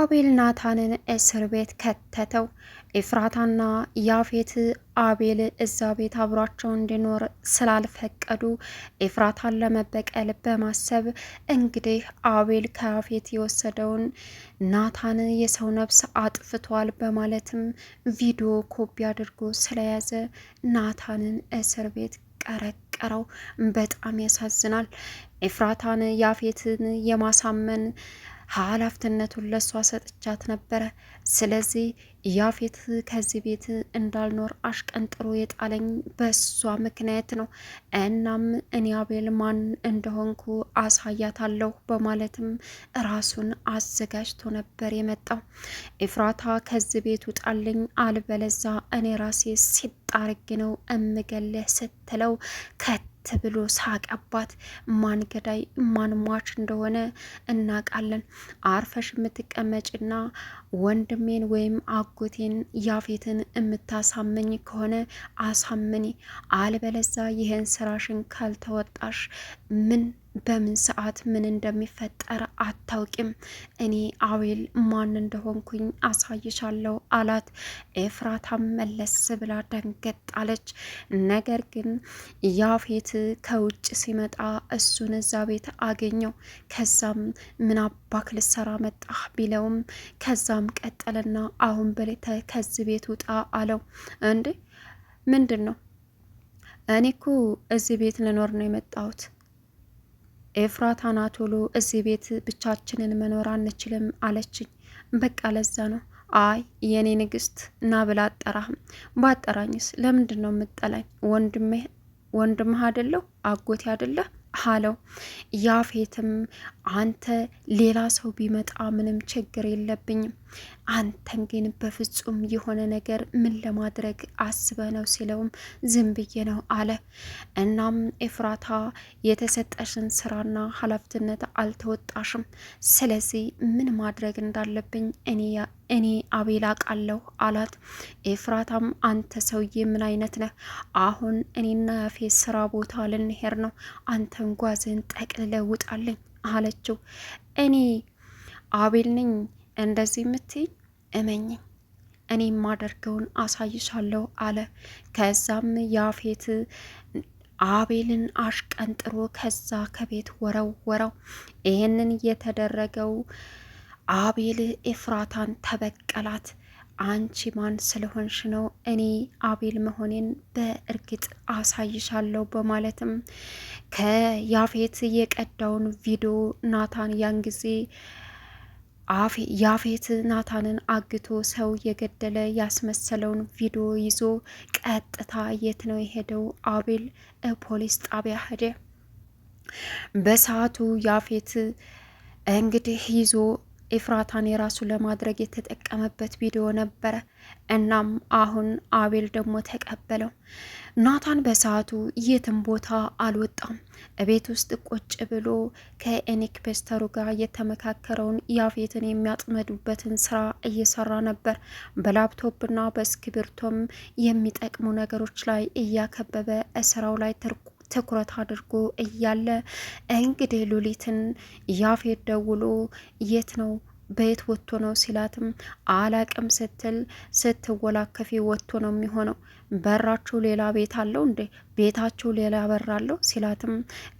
አቤል ናታንን እስር ቤት ከተተው። ኤፍራታና ያፌት አቤል እዛ ቤት አብሯቸው እንዲኖር ስላልፈቀዱ ኤፍራታን ለመበቀል በማሰብ እንግዲህ አቤል ከያፌት የወሰደውን ናታን የሰው ነፍስ አጥፍቷል በማለትም ቪዲዮ ኮፒ አድርጎ ስለያዘ ናታንን እስር ቤት ቀረቀረው። በጣም ያሳዝናል። ኤፍራታን ያፌትን የማሳመን ኃላፊነቱን ለሷ ሰጥቻት ነበረ። ስለዚህ ያፌት ከዚህ ቤት እንዳልኖር አሽቀንጥሮ የጣለኝ በሷ ምክንያት ነው። እናም እኔ አቤል ማን እንደሆንኩ አሳያታለሁ በማለትም ራሱን አዘጋጅቶ ነበር የመጣው። ኤፍራታ ከዚህ ቤት ውጣልኝ፣ አልበለዛ እኔ ራሴ ሲጣርግ ነው እምገልህ ስትለው ከት ተብሎ ሳቀባት። ማን ገዳይ ማን ሟች እንደሆነ እናውቃለን። አርፈሽ የምትቀመጭና ወንድሜን ወይም አጎቴን ያፌትን የምታሳመኝ ከሆነ አሳመኒ አልበለዛ ይህን ስራሽን ካልተወጣሽ ምን በምን ሰዓት ምን እንደሚፈጠር አታውቂም። እኔ አቤል ማን እንደሆንኩኝ አሳይሻለሁ አላት። ኤፍራታም መለስ ብላ ደንገጥ አለች። ነገር ግን ያፌት ከውጭ ሲመጣ እሱን እዛ ቤት አገኘው። ከዛም ምን አባክ ልሰራ መጣህ ቢለውም ከዛም ቀጠለና አሁን በሌተ ከዚህ ቤት ውጣ አለው። እንዴ ምንድን ነው? እኔ እኮ እዚህ ቤት ልኖር ነው የመጣሁት ኤፍራት ቶሎ እዚህ ቤት ብቻችንን መኖር አንችልም አለችኝ። በቃ ለዛ ነው አይ የኔ ንግስት እና ብላ አጠራህም። ባጠራኝስ ለምንድን ነው የምጠላኝ? ወንድሜ ወንድምህ አደለሁ አጎቴ አደለህ አለው። ያፌትም አንተ ሌላ ሰው ቢመጣ ምንም ችግር የለብኝም አንተም ግን በፍጹም የሆነ ነገር ምን ለማድረግ አስበ ነው ሲለውም ዝም ብዬ ነው አለ። እናም ኤፍራታ የተሰጠሽን ስራና ኃላፊነት አልተወጣሽም፣ ስለዚህ ምን ማድረግ እንዳለብኝ እኔ አቤል አውቃለሁ አላት። ኤፍራታም አንተ ሰውዬ ምን አይነት ነህ? አሁን እኔና ያፌ ስራ ቦታ ልንሄድ ነው፣ አንተን ጓዝን ጠቅልለውጣለኝ አለችው። እኔ አቤል ነኝ እንደዚህ የምትይ እመኝኝ እኔ የማደርገውን አሳይሻለሁ አለ። ከዛም ያፌት አቤልን አሽቀንጥሮ ከዛ ከቤት ወረው ወረው ይህንን የተደረገው አቤል ኤፍራታን ተበቀላት። አንቺ ማን ስለሆንሽ ነው እኔ አቤል መሆኔን በእርግጥ አሳይሻለሁ በማለትም ከያፌት የቀዳውን ቪዲዮ ናታን ያን ጊዜ ያፌት ናታንን አግቶ ሰው የገደለ ያስመሰለውን ቪዲዮ ይዞ ቀጥታ የት ነው የሄደው? አቤል ፖሊስ ጣቢያ ሄደ። በሰዓቱ ያፌት እንግዲህ ይዞ ኤፍራታን የራሱ ለማድረግ የተጠቀመበት ቪዲዮ ነበረ። እናም አሁን አቤል ደግሞ ተቀበለው። ናታን በሰዓቱ የትም ቦታ አልወጣም። እቤት ውስጥ ቁጭ ብሎ ፔስተሩ ጋር የተመካከረውን ያፌትን የሚያጥመዱበትን ስራ እየሰራ ነበር። በላፕቶፕና በእስክሪብቶም የሚጠቅሙ ነገሮች ላይ እያከበበ ስራው ላይ ትርቁ ትኩረት አድርጎ እያለ እንግዲህ ሉሊትን ያፌት ደውሎ የት ነው በየት ወጥቶ ነው ሲላትም አላቅም ስትል ስትወላከፊ ወጥቶ ነው የሚሆነው። በራችሁ ሌላ ቤት አለው እንዴ? ቤታችሁ ሌላ በር አለው ሲላትም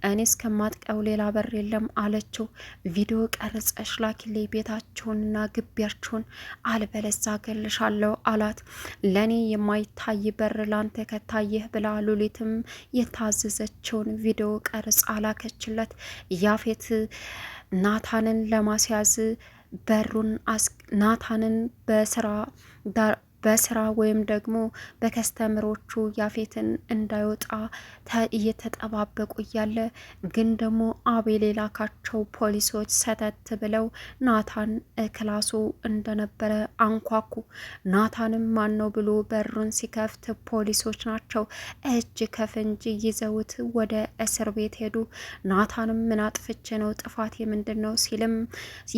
እኔ እስከማጥቀው ሌላ በር የለም አለችው። ቪዲዮ ቀርጸሽ ላኪሌ ቤታችሁንና ግቢያችሁን አልበለዛ ገልሻለሁ አላት። ለእኔ የማይታይ በር ላንተ ከታየህ ብላ ሉሊትም የታዘዘችውን ቪዲዮ ቀርጽ አላከችለት። ያፌት ናታንን ለማስያዝ በሩን ናታንን በስራ በስራ ወይም ደግሞ በከስተምሮቹ ያፌትን እንዳይወጣ እየተጠባበቁ እያለ ግን ደግሞ አቤል የላካቸው ፖሊሶች ሰተት ብለው ናታን ክላሱ እንደነበረ አንኳኩ። ናታንም ማን ነው ብሎ በሩን ሲከፍት ፖሊሶች ናቸው እጅ ከፍንጅ ይዘውት ወደ እስር ቤት ሄዱ። ናታንም ምን አጥፍቼ ነው ጥፋት የምንድን ነው ሲልም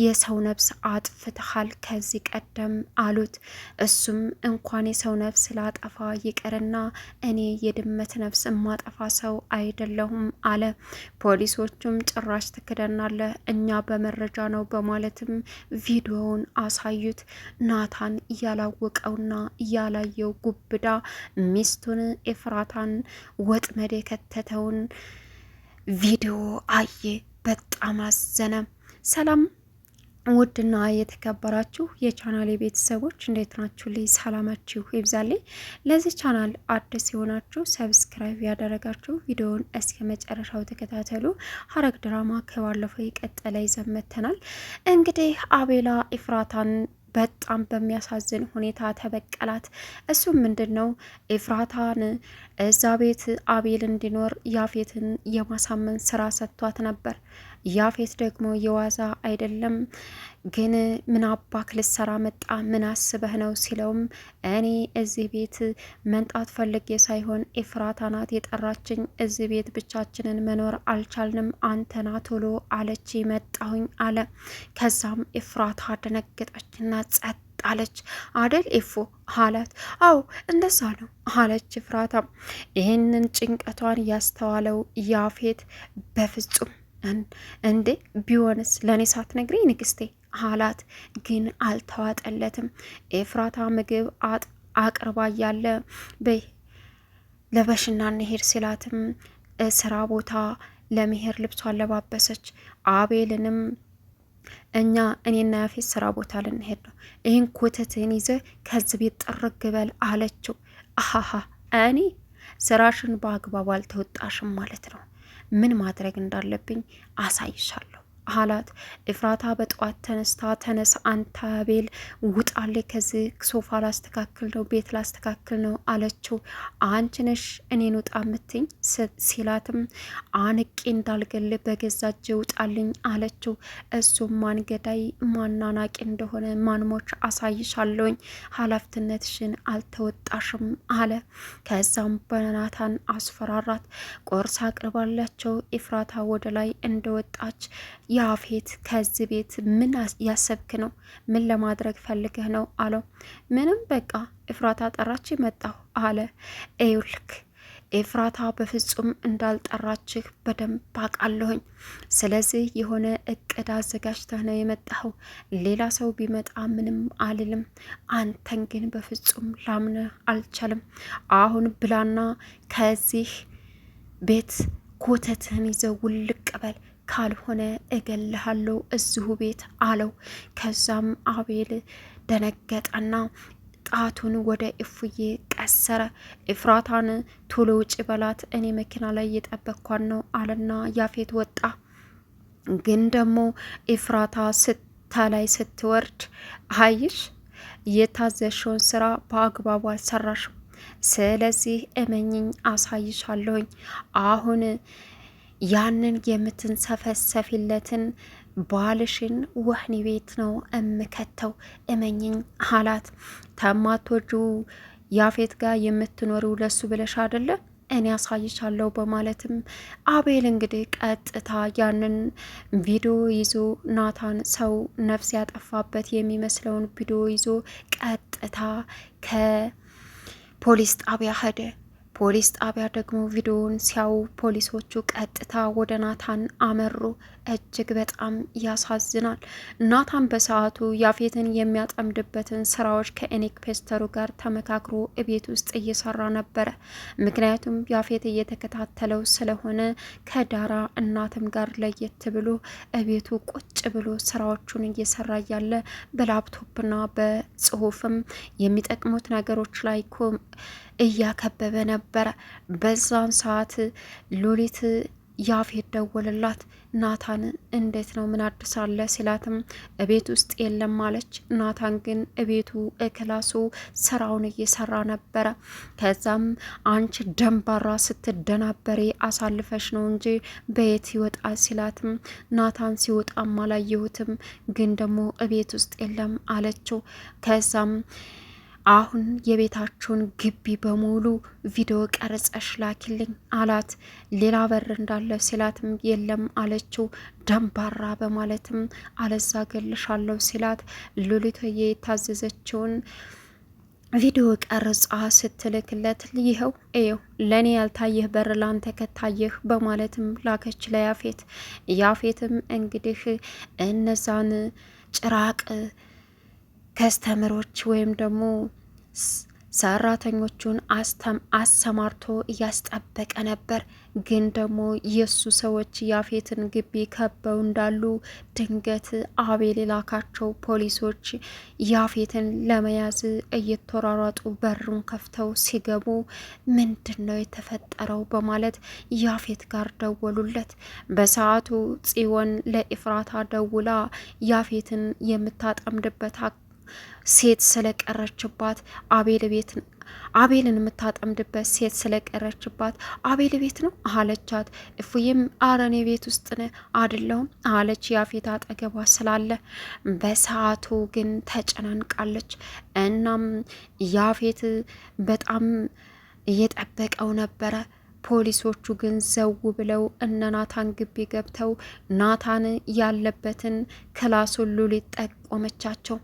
የሰው ነብስ አጥፍትሃል ከዚህ ቀደም አሉት። እሱም እንኳን የሰው ነፍስ ላጠፋ ይቅርና እኔ የድመት ነፍስ ማጠፋ ሰው አይደለሁም አለ። ፖሊሶቹም ጭራሽ ትክደናለህ፣ እኛ በመረጃ ነው በማለትም ቪዲዮውን አሳዩት። ናታን ያላወቀውና ያላየው ጉብዳ ሚስቱን ኤፍራታን ወጥመድ የከተተውን ቪዲዮ አየ። በጣም አዘነ። ሰላም ውድና የተከበራችሁ የቻናል ቤተሰቦች እንዴት ናችሁ? ልይ ሰላማችሁ ይብዛልኝ። ለዚህ ቻናል አዲስ የሆናችሁ ሰብስክራይብ ያደረጋችሁ ቪዲዮውን እስከ መጨረሻው ተከታተሉ። ሐረግ ድራማ ከባለፈው የቀጠለ ይዘመተናል። እንግዲህ አቤላ ኢፍራታን በጣም በሚያሳዝን ሁኔታ ተበቀላት። እሱም ምንድን ነው ኢፍራታን እዛ ቤት አቤል እንዲኖር ያፌትን የማሳመን ስራ ሰጥቷት ነበር። ያፌት ደግሞ የዋዛ አይደለም ግን ምን አባክ ልሰራ መጣ ምን አስበህ ነው ሲለውም እኔ እዚህ ቤት መንጣት ፈልጌ ሳይሆን ኤፍራታ ናት የጠራችኝ። እዚህ ቤት ብቻችንን መኖር አልቻልንም፣ አንተና ቶሎ አለች መጣሁኝ አለ። ከዛም ኤፍራታ ደነገጠችና ጸጥ አለች። አደል ኤፎ አላት። አው እንደዛ ነው አለች ኤፍራታ። ይህንን ጭንቀቷን ያስተዋለው ያፌት በፍጹም እንዴ ቢሆንስ ለእኔ ሳትነግሪ ንግስቴ አላት። ግን አልተዋጠለትም። ኤፍራታ ምግብ አጥ አቅርባ እያለ በይ ለበሽና እንሄድ ሲላትም ስራ ቦታ ለመሄድ ልብሷ አለባበሰች አቤልንም እኛ እኔና ያፌት ስራ ቦታ ልንሄድ ነው፣ ይህን ኮተትን ይዘ ከዚህ ቤት ጥርግ በል አለችው። አሀሀ እኔ ስራሽን በአግባቡ አልተወጣሽም ማለት ነው ምን ማድረግ እንዳለብኝ አሳይሻለሁ አላት። እፍራታ በጠዋት ተነስታ ተነስ አንተ አቤል ውጣሌ ከዚህ ሶፋ ላስተካክል ነው ቤት ላስተካክል ነው አለችው። አንቺ ነሽ እኔን ውጣ ምትኝ ሲላትም አንቄ እንዳልገል በገዛ ውጣልኝ አለችው። እሱም ማን ገዳይ ማናናቂ እንደሆነ ማንሞች አሳይሻለውኝ ኃላፊነትሽን አልተወጣሽም አለ። ከዛም በናታን አስፈራራት። ቆርሳ አቅርባላቸው ኢፍራታ ወደ ላይ እንደወጣች ያፌት ከዚህ ቤት ምን ያሰብክ ነው? ምን ለማድረግ ፈልግህ ነው አለው። ምንም በቃ ኤፍራታ ጠራች መጣሁ አለ። ኤውልክ ኤፍራታ በፍጹም እንዳልጠራችህ በደንብ አውቃለሁኝ። ስለዚህ የሆነ እቅድ አዘጋጅተህ ነው የመጣኸው። ሌላ ሰው ቢመጣ ምንም አልልም። አንተን ግን በፍጹም ላምነህ አልቻልም። አሁን ብላና ከዚህ ቤት ኮተትህን ይዘው ውልቅ በል ካልሆነ እገልሃለሁ እዚሁ ቤት አለው። ከዛም አቤል ደነገጠና ጣቱን ወደ እፉዬ ቀሰረ። እፍራታን ቶሎ ውጭ በላት እኔ መኪና ላይ እየጠበኳን ነው አለና ያፌት ወጣ። ግን ደግሞ እፍራታ ስታ ላይ ስትወርድ አይሽ የታዘሽውን ስራ በአግባቡ አልሰራሽም። ስለዚህ እመኝኝ አሳይሻለሁኝ አሁን ያንን የምትንሰፈሰፊለትን ባልሽን ወህኒ ቤት ነው እምከተው እመኝኝ አላት። ተማቶጁ ያፌት ጋር የምትኖሪው ለሱ ብለሽ አደለ እኔ ያሳይቻለሁ በማለትም አቤል እንግዲህ ቀጥታ ያንን ቪዲዮ ይዞ ናታን ሰው ነፍስ ያጠፋበት የሚመስለውን ቪዲዮ ይዞ ቀጥታ ከፖሊስ ጣቢያ ሄደ። ፖሊስ ጣቢያ ደግሞ ቪዲዮውን ሲያዩ ፖሊሶቹ ቀጥታ ወደ ናታን አመሩ። እጅግ በጣም ያሳዝናል። ናታን በሰዓቱ ያፌትን የሚያጠምድበትን ስራዎች ከኤኔክ ፔስተሩ ጋር ተመካክሮ እቤት ውስጥ እየሰራ ነበረ። ምክንያቱም ያፌት እየተከታተለው ስለሆነ ከዳራ እናትም ጋር ለየት ብሎ እቤቱ ቁጭ ብሎ ስራዎቹን እየሰራ እያለ በላፕቶፕና በጽሁፍም የሚጠቅሙት ነገሮች ላይ እያከበበ ነበረ። በዛን ሰዓት ሉሊት ያፌት ደወለላት። ናታን እንዴት ነው ምን አዲስ አለ ሲላትም እቤት ውስጥ የለም አለች። ናታን ግን እቤቱ እክላሱ ስራውን እየሰራ ነበረ። ከዛም አንቺ ደንባራ ስትደናበሬ አሳልፈሽ ነው እንጂ በየት ይወጣ ሲላትም ናታን ሲወጣም አላየሁትም፣ ግን ደግሞ እቤት ውስጥ የለም አለችው። ከዛም አሁን የቤታችሁን ግቢ በሙሉ ቪዲዮ ቀርጸሽ ላኪልኝ አላት። ሌላ በር እንዳለ ሲላትም የለም አለችው ደንባራ በማለትም አለዛ ገልሻለሁ ሲላት ሉሊትዬ የታዘዘችውን ቪዲዮ ቀርጻ ስትልክለት ይኸው ይኸው ለእኔ ያልታየህ በር ላንተ ከታየህ በማለትም ላከች ለያፌት። ያፌትም እንግዲህ እነዛን ጭራቅ ከስተምሮች ወይም ደግሞ ሰራተኞቹን አሰማርቶ እያስጠበቀ ነበር። ግን ደግሞ የእሱ ሰዎች ያፌትን ግቢ ከበው እንዳሉ ድንገት አቤል የላካቸው ፖሊሶች ያፌትን ለመያዝ እየተሯሯጡ በሩን ከፍተው ሲገቡ ምንድን ነው የተፈጠረው በማለት ያፌት ጋር ደወሉለት። በሰዓቱ ጽዮን ለኢፍራታ ደውላ ያፌትን የምታጠምድበት ሴት ስለቀረችባት አቤል ቤት አቤልን የምታጠምድበት ሴት ስለቀረችባት አቤል ቤት ነው አለቻት። እፉዬም አረኔ ቤት ውስጥ ነ አድለውም አለች። ያፌት አጠገቧ ስላለ በሰዓቱ ግን ተጨናንቃለች። እናም ያፌት በጣም እየጠበቀው ነበረ ፖሊሶቹ ግን ዘው ብለው እነ ናታን ግቢ ገብተው ናታን ያለበትን ክላሱን ሉሊት ጠቆመቻቸው።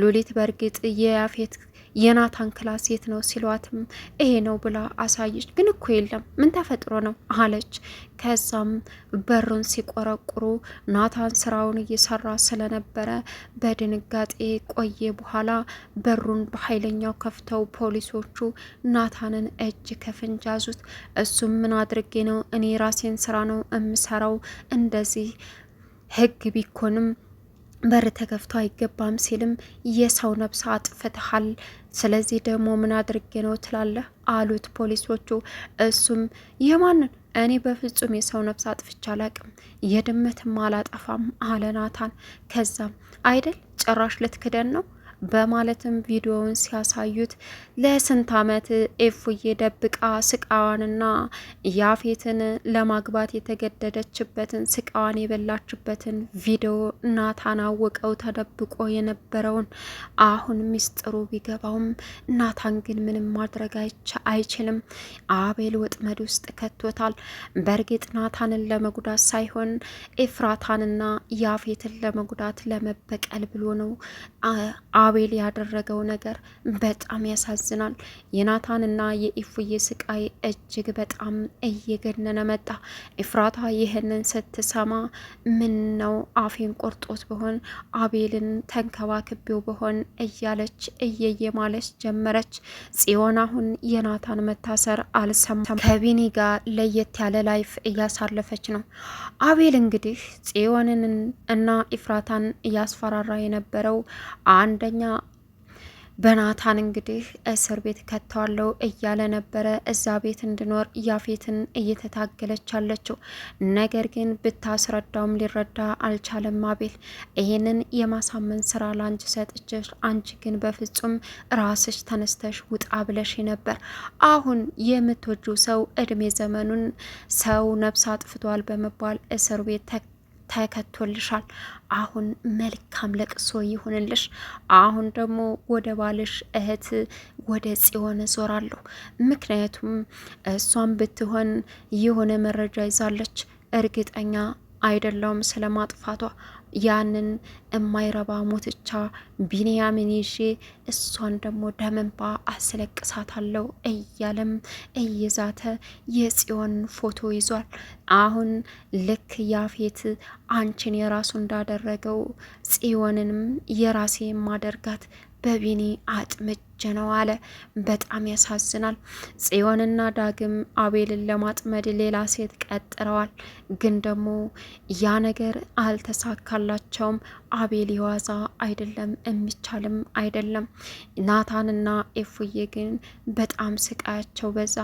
ሉሊት በእርግጥ የያፌት የናታን ክላስ የት ነው ሲሏትም ይሄ ነው ብላ አሳየች። ግን እኮ የለም ምን ተፈጥሮ ነው አለች። ከዛም በሩን ሲቆረቁሩ ናታን ስራውን እየሰራ ስለነበረ በድንጋጤ ቆየ። በኋላ በሩን በኃይለኛው ከፍተው ፖሊሶቹ ናታንን እጅ ከፍንጅ ያዙት። እሱም ምን አድርጌ ነው እኔ ራሴን ስራ ነው የምሰራው እንደዚህ ህግ ቢኮንም በር ተከፍቶ አይገባም ሲልም የሰው ነብስ አጥፍተሃል፣ ስለዚህ ደግሞ ምን አድርጌ ነው ትላለህ አሉት ፖሊሶቹ። እሱም የማንን እኔ በፍጹም የሰው ነብስ አጥፍቻ አላቅም፣ የድመትም አላጠፋም አለ ናታን። ከዛም አይደል ጭራሽ ልትክደን ነው በማለትም ቪዲዮውን ሲያሳዩት ለስንት ዓመት ኤፉዬ ደብቃ ስቃዋንና ያፌትን ለማግባት የተገደደችበትን ስቃዋን የበላችበትን ቪዲዮ ናታን አወቀው ተደብቆ የነበረውን አሁን ሚስጥሩ ቢገባውም ናታን ግን ምንም ማድረግ አይችልም። አቤል ወጥመድ ውስጥ ከቶታል። በእርግጥ ናታንን ለመጉዳት ሳይሆን ኤፍራታንና ያፌትን ለመጉዳት ለመበቀል ብሎ ነው አቤል ያደረገው ነገር በጣም ያሳዝናል። የናታንና የኢፉዬ ስቃይ እጅግ በጣም እየገነነ መጣ። ኢፍራታ ይህንን ስትሰማ ምን ነው አፌን ቆርጦት በሆን አቤልን ተንከባክቤው በሆን እያለች እየየ ማለች ጀመረች። ጽዮን አሁን የናታን መታሰር አልሰማ ከቢኒ ጋር ለየት ያለ ላይፍ እያሳለፈች ነው። አቤል እንግዲህ ጽዮንን እና ኢፍራታን እያስፈራራ የነበረው አንደኛ ዳኛ በናታን እንግዲህ እስር ቤት ከተዋለው እያለ ነበረ እዛ ቤት እንዲኖር ያፌትን እየተታገለች አለችው። ነገር ግን ብታስረዳውም ሊረዳ አልቻለም። አቤል ይህንን የማሳመን ስራ ለአንቺ ሰጥችሽ፣ አንቺ ግን በፍጹም ራስሽ ተነስተሽ ውጣ ብለሽ ነበር። አሁን የምትወጁ ሰው እድሜ ዘመኑን ሰው ነብስ አጥፍቷል በመባል እስር ቤት ተከቶልሻል። አሁን መልካም ለቅሶ ይሁንልሽ። አሁን ደግሞ ወደ ባልሽ እህት ወደ ጽዮን እዞራለሁ። ምክንያቱም እሷን ብትሆን የሆነ መረጃ ይዛለች እርግጠኛ አይደለውም ስለ ማጥፋቷ ያንን የማይረባ ሞትቻ ቢንያምን ይዤ እሷን ደግሞ ደመንባ አስለቅሳታለሁ እያለም እየዛተ የጽዮን ፎቶ ይዟል። አሁን ልክ ያፌት አንቺን የራሱ እንዳደረገው ጽዮንንም የራሴ የማደርጋት በቢኒ አጥምጭ እጅ ነው አለ። በጣም ያሳዝናል። ጽዮንና ዳግም አቤልን ለማጥመድ ሌላ ሴት ቀጥረዋል፣ ግን ደግሞ ያ ነገር አልተሳካላቸውም። አቤል የዋዛ አይደለም፣ የሚቻልም አይደለም። ናታንና ኤፉዬ ግን በጣም ስቃያቸው በዛ።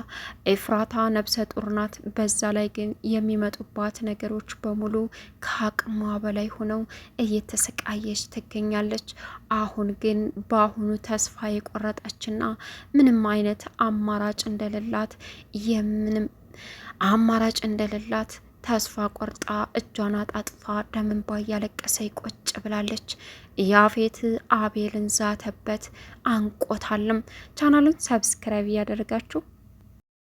ኤፍራታ ነብሰ ጡር ናት። በዛ ላይ ግን የሚመጡባት ነገሮች በሙሉ ከአቅሟ በላይ ሆነው እየተሰቃየች ትገኛለች። አሁን ግን በአሁኑ ተስፋ የቆረ እንደተቆራረጠችና ምንም አይነት አማራጭ እንደሌላት የምንም አማራጭ እንደሌላት ተስፋ ቆርጣ እጇን አጣጥፋ ደም እንባ እያለቀሰች ቁጭ ብላለች። ያፌት አቤልን ዛተበት፣ አንቆታልም። ቻናሉን ሰብስክራይብ እያደረጋችሁ